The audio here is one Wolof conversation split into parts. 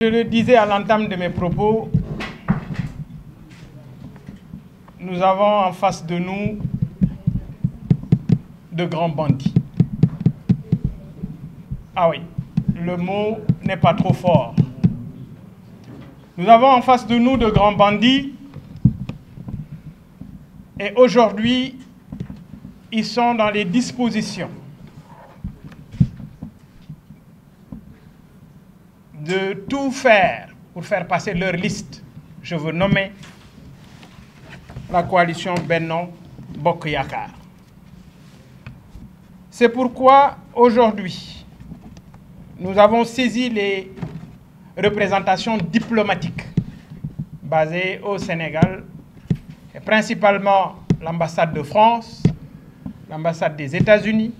Je le disais à l'entame de mes propos, nous avons en face de nous de grands bandits. Ah oui, le mot n'est pas trop fort. Nous avons en face de nous de grands bandits et aujourd'hui, ils sont dans les dispositions de tout faire pour faire passer leur liste. Je veux nommer la coalition Benno Bok Yakar. C'est pourquoi aujourd'hui, nous avons saisi les représentations diplomatiques basées au Sénégal, et principalement l'ambassade de France, l'ambassade des États-Unis,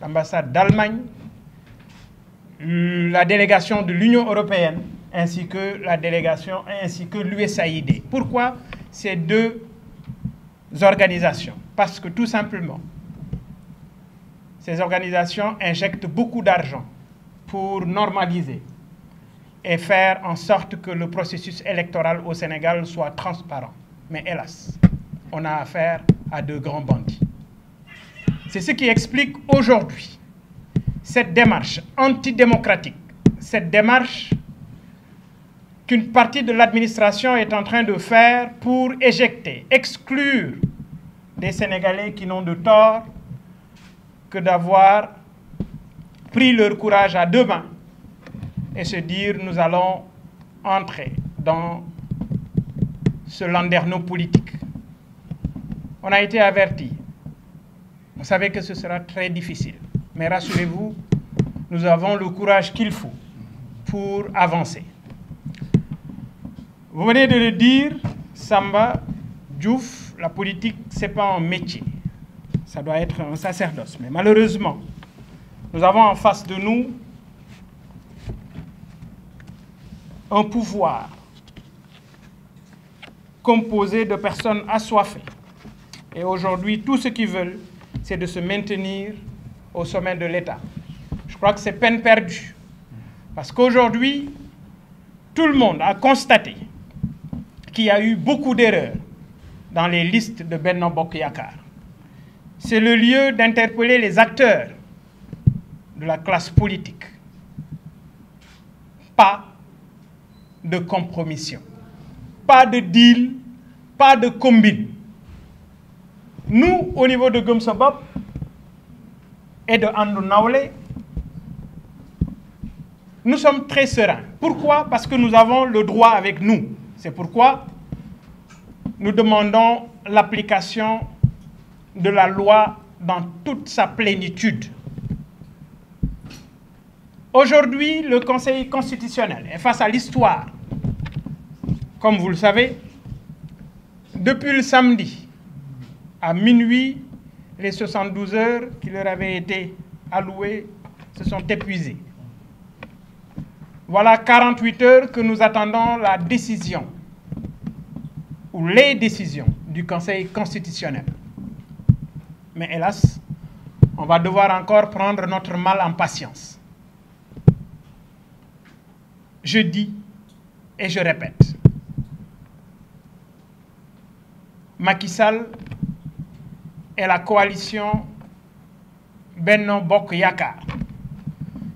l'ambassade d'Allemagne, Mm, la délégation de l'Union européenne ainsi que la délégation ainsi que l'USAID. Pourquoi ces deux organisations Parce que tout simplement, ces organisations injectent beaucoup d'argent pour normaliser et faire en sorte que le processus électoral au Sénégal soit transparent. Mais hélas, on a affaire à de grands bandits. C'est ce qui explique aujourd'hui cette démarche antidémocratique, cette démarche qu'une partie de l'administration est en train de faire pour éjecter, exclure des Sénégalais qui n'ont de tort que d'avoir pris leur courage à deux mains et se dire nous allons entrer dans ce landerneau politique. On a été averti. On savait que ce sera très difficile. Mais rassurez-vous, nous avons le courage qu'il faut pour avancer. Vous venez de le dire, Samba Diouf, la politique, ce n'est pas un métier. Ça doit être un sacerdoce. Mais malheureusement, nous avons en face de nous un pouvoir composé de personnes assoiffées. Et aujourd'hui, tout ce qu'ils veulent, c'est de se maintenir au sommet de l'État. Je crois que c'est peine perdue. Parce qu'aujourd'hui, tout le monde a constaté qu'il y a eu beaucoup d'erreurs dans les listes de Benno Bokyakar. C'est le lieu d'interpeller les acteurs de la classe politique. Pas de compromission, pas de deal, pas de combine. Nous, au niveau de Gumsabop, et de Andou Naoulé, nous sommes très sereins. Pourquoi Parce que nous avons le droit avec nous. C'est pourquoi nous demandons l'application de la loi dans toute sa plénitude. Aujourd'hui, le Conseil constitutionnel est face à l'histoire. Comme vous le savez, depuis le samedi à minuit, les 72 heures qui leur avaient été allouées se sont épuisées. Voilà 48 heures que nous attendons la décision ou les décisions du Conseil constitutionnel. Mais hélas, on va devoir encore prendre notre mal en patience. Je dis et je répète, et la coalition Benno Bok Yakar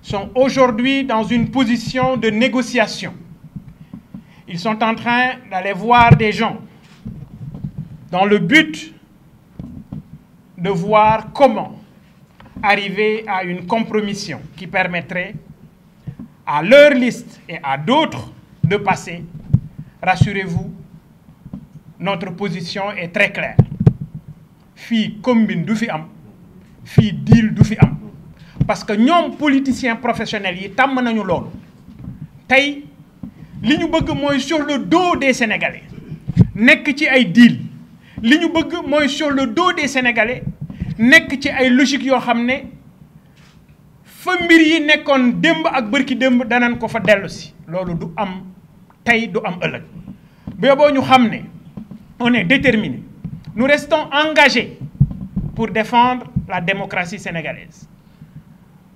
sont aujourd'hui dans une position de négociation. Ils sont en train d'aller voir des gens dans le but de voir comment arriver à une compromission qui permettrait à leur liste et à d'autres de passer. Rassurez-vous, notre position est très claire. fii combine du fi am fii deal du fi am parce que ñoom politiciens professionnels yi tàmm nañu loolu tey li ñu bëgg mooy sur doo dos des nekk ci ay deal li ñu bëgg mooy sur le dos des nekk ci ay logique yoo xam ne fa mbir yi nekkoon démb ak bërki démb danañ ko fa dellu si loolu du am tey du am ëllëg bu yoboo ñu xam ne one est Nous restons engagés pour défendre la démocratie sénégalaise.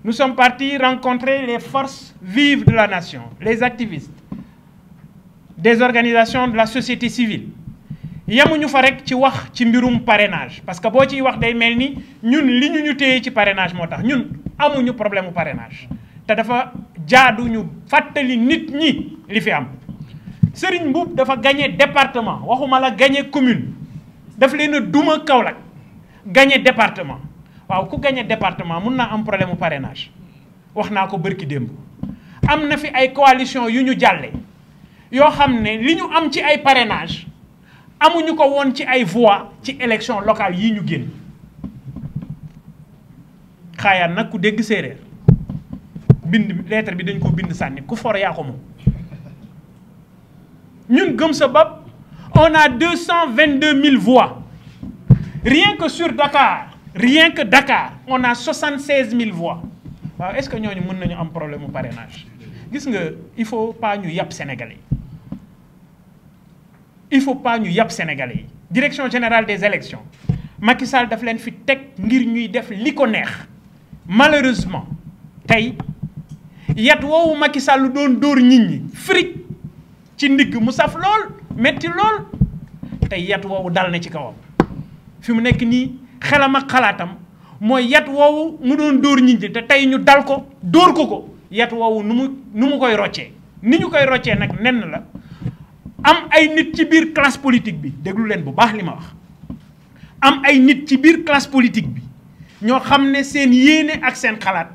Nous sommes partis rencontrer les forces vives de la nation, les activistes, des organisations de la société civile. yemuñu fa rek ci wax ci mbirum parrainage parce que boo ciy wax day mel ni ñun li ñu ñu téye ci parrainage moo tax ñun amuñu problème mu parrainage te dafa jaadu ñu fàttali nit ñi li fi am Serigne Mboup dafa gañe département waxuma la gañe commune daf leen a duma Kaolack gagné département waaw ku gagné département mun naa am problème mu parrainage wax naa ko bërki démb am na fi ay coalition yu ñu jàlle yoo xam ne li ñu am ci ay parrainage amuñu ko woon ci ay voix ci élection locale yi ñu génn xaayaan nag ku dégg séeréer bind lettre bi dañ ko bind sànni ku for yaa ko moom ñun gëm sa on a 222 000 voix. Rien que sur Dakar, rien que Dakar, on a 76 000 voix. Est-ce que ñooñu nous nañu am problème au parrainage Gis nga il faut pas ñu yàpp sénégalais yi il faut pas ñu yàpp sénégalais yi direction générale des élections Macky Sall daf leen fi teg ngir ñuy def li ko neex malheureusement tey yat woowu Macky Sall lu doon dóor nit ñi frit ci ndigg mu saf lool metti lool te yat woowu dal na ci kawam fi mu nekk nii xelam ak xalaatam mooy yat woowu mu doon dóor nit ñi te tey ñu dal ko dóor ko ko yat woowu nu mu nu mu koy roccee ni ñu koy roccee nag nenn la am ay nit ci biir classe politique bi déglu leen bu baax li ma wax am ay nit ci biir classe politique bi ñoo xam ne seen yéene ak seen xalaat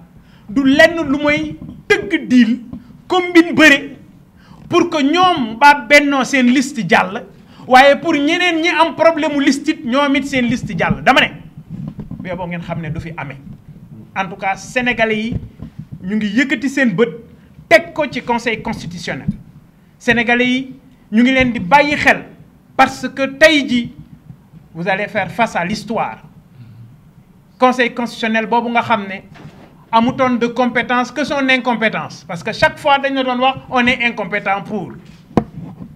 du lenn lu mooy tëgg diil combine bëre pour que ñoom ba bennoo seen liste jàll waaye pour ñeneen ñi am problème mu liste it ñoom seen list jàll dama ne bee boo ngeen xam ne du fi amee en tout cas sénégalais yi ñu ngi yëkkati seen bët teg ko ci conseil constitutionnel sénégalais yi ñu ngi leen di bàyyi xel parce que tey ji vous allez faire face à l'histoire conseil constitutionnel boobu nga xam ne amutoon de compétence que son incompétence parce que chaque fois dañ la doon wax on est incompétent pour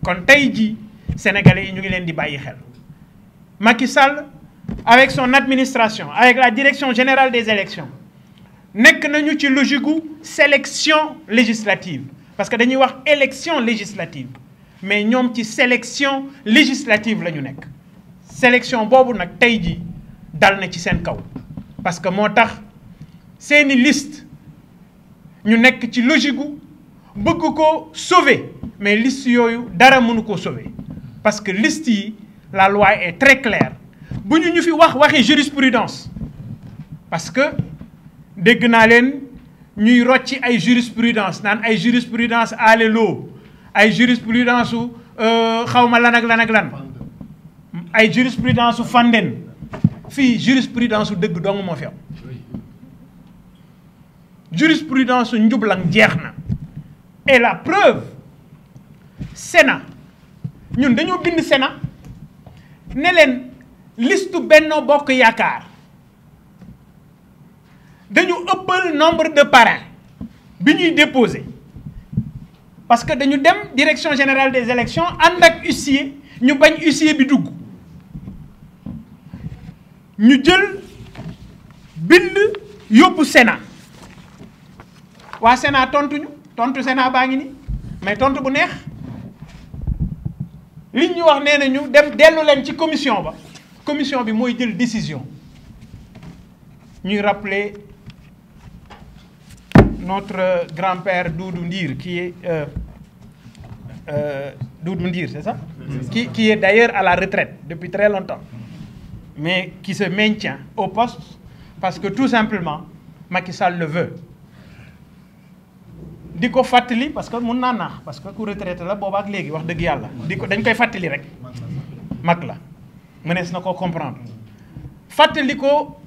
kon tey jii sénégalais yi ñu ngi leen di bàyyi xel Macky Sall avec son administration avec la direction générale des élections nekk nañu ci logique gu sélection législative parce que dañuy wax élection législative mais ñoom ci sélection législative la ñu nekk sélection boobu nag tey jii dal na ci seen kaw parce que moo tax seeni liste ñu nekk ci logique bu bëgg ko sauver mais liste yooyu dara mënu ko sauver parce que liste yi la loi est très claire bu ñu ñu fi wax waxi jurisprudence parce que dégg naa leen ñuy rocci ay jurisprudence naan ay jurisprudence alelo ay jurisprudence su euh, xawma lan ak lan ak lan ay jurisprudence su fanden fii jurisprudence su dëgg dong moo fi jurisprudence njublang jeex na et la preuve Sénat ñun dañoo bind Sénat ne leen liste Benno Bokk Yaakaar dañu ëppal nombre de parrains bi ñuy déposé parce que dañu dem direction générale des élections ànd ak huissier ñu bañ huissier bi dugg ñu jël bind yóbbu Sénat waa Sénat tontuñu tontu Sénat baa ngi nii mais tontu bu neex liñ ñu wax nee na ñu dem dellu leen ci commission ba commission bi mooy jël décision ñuy rappeler notre grand-père Doudou Ndir qui est euh, euh, Doudou Ndir c'est ça qui qui est d'ailleurs à la retraite depuis très longtemps mais qui se maintient au poste parce que tout simplement Macky Sall le veut di ko fàttali parce que mun naa naax parce que ku retraité la booba ak léegi wax dëgg yàlla di ko dañ koy fàttali rek mag la mënees na koo comprendre fàttali ko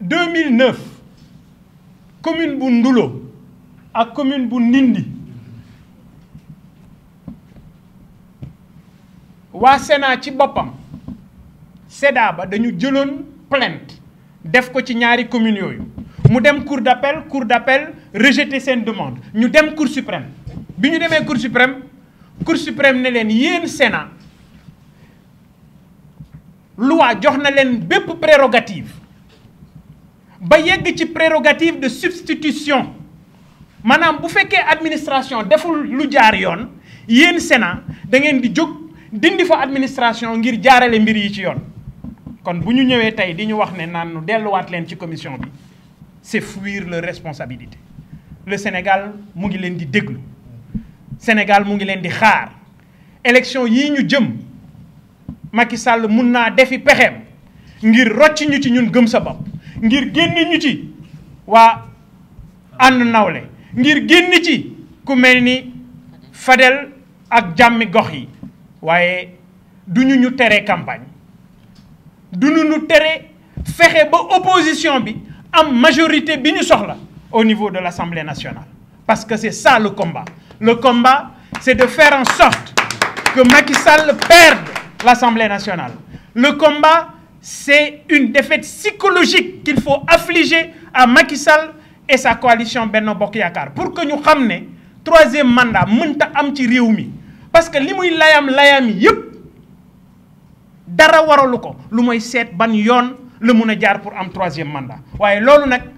2009 commune bu Ndulo ak commune bu Ndindi waa Sénat ci boppam SEDA ba dañu jëloon plainte def ko ci ñaari communes yooyu mu dem cour d'appel cour d'appel rejeté seen demande ñu dem cour suprême bi ñu demee cour suprême cour suprême ne leen yéen Sénat loi jox na leen bépp prérogative ba yegg ci prérogative de substitution maanaam bu fekkee administration deful lu jaar yoon yéen Sénat da ngeen di jóg dindi fa administration ngir jaarale mbir yi ci yoon kon bu ñu ñëwee tey di ñu wax ne naan nu delluwaat leen ci commission bi c'est fuir leur responsabilité le Sénégal mu ngi leen di déglu Sénégal mu ngi leen di xaar élection yii ñu jëm Macky Sall mun naa defi pexeem ngir rocc ñu ci ñun gëm sa bopp ngir génn ñu ci waa ànd nawle ngir génn ci ku mel ni Fadel ak jàmmi gox yi waaye duñu ñu tere campagne du ñu ñu tere fexe ba opposition bi am majorité bi ñu soxla au niveau de l'Assemblée nationale. Parce que c'est ça le combat. Le combat, c'est de faire en sorte que Macky Sall perde l'Assemblée nationale. Le combat, c'est une défaite psychologique qu'il faut affliger à Macky Sall et sa coalition Benno Bokk Yaakaar pour que ñu xam ne troisième mandat mënta am ci réew mi parce que li muy layam layam yépp dara waralu ko lu mooy seet ban yoon la mun a jaar pour am troisième mandat waaye loolu nag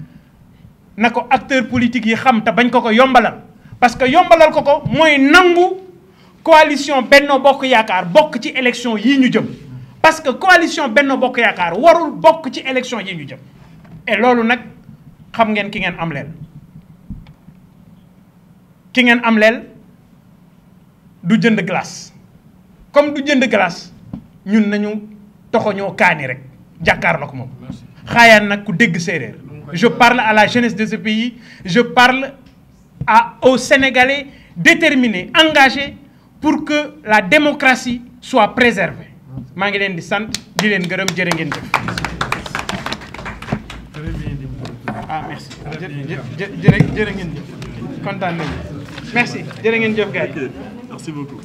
na ko acteur politique yi xam te bañ ko ko yombalal parce que yombalal ko ko mooy nangu coalition Benno Bokk Yaakaar bokk ci élection yi ñu jëm parce que coalition Benno Bokk Yaakaar warul bokk ci élection yi ñu jëm loolu nag xam ngeen ki ngeen am leel ki ngeen am leel du jënd glace comme du jënd glace ñun nañu toxoñoo kaani rek jàkkaarloo ko moom xaayaan nag ku dégg séeréer je parle à la jeunesse de ce pays, je parle à, aux Sénégalais déterminés, engagés pour que la démocratie soit préservée. maa ngi leen di sant di leen gërëm jërë ngeen jëf. ah merci jë jë jërë ngeen jëf kontaan nañu merci jërë ngeen jëf gars yi. merci beaucoup.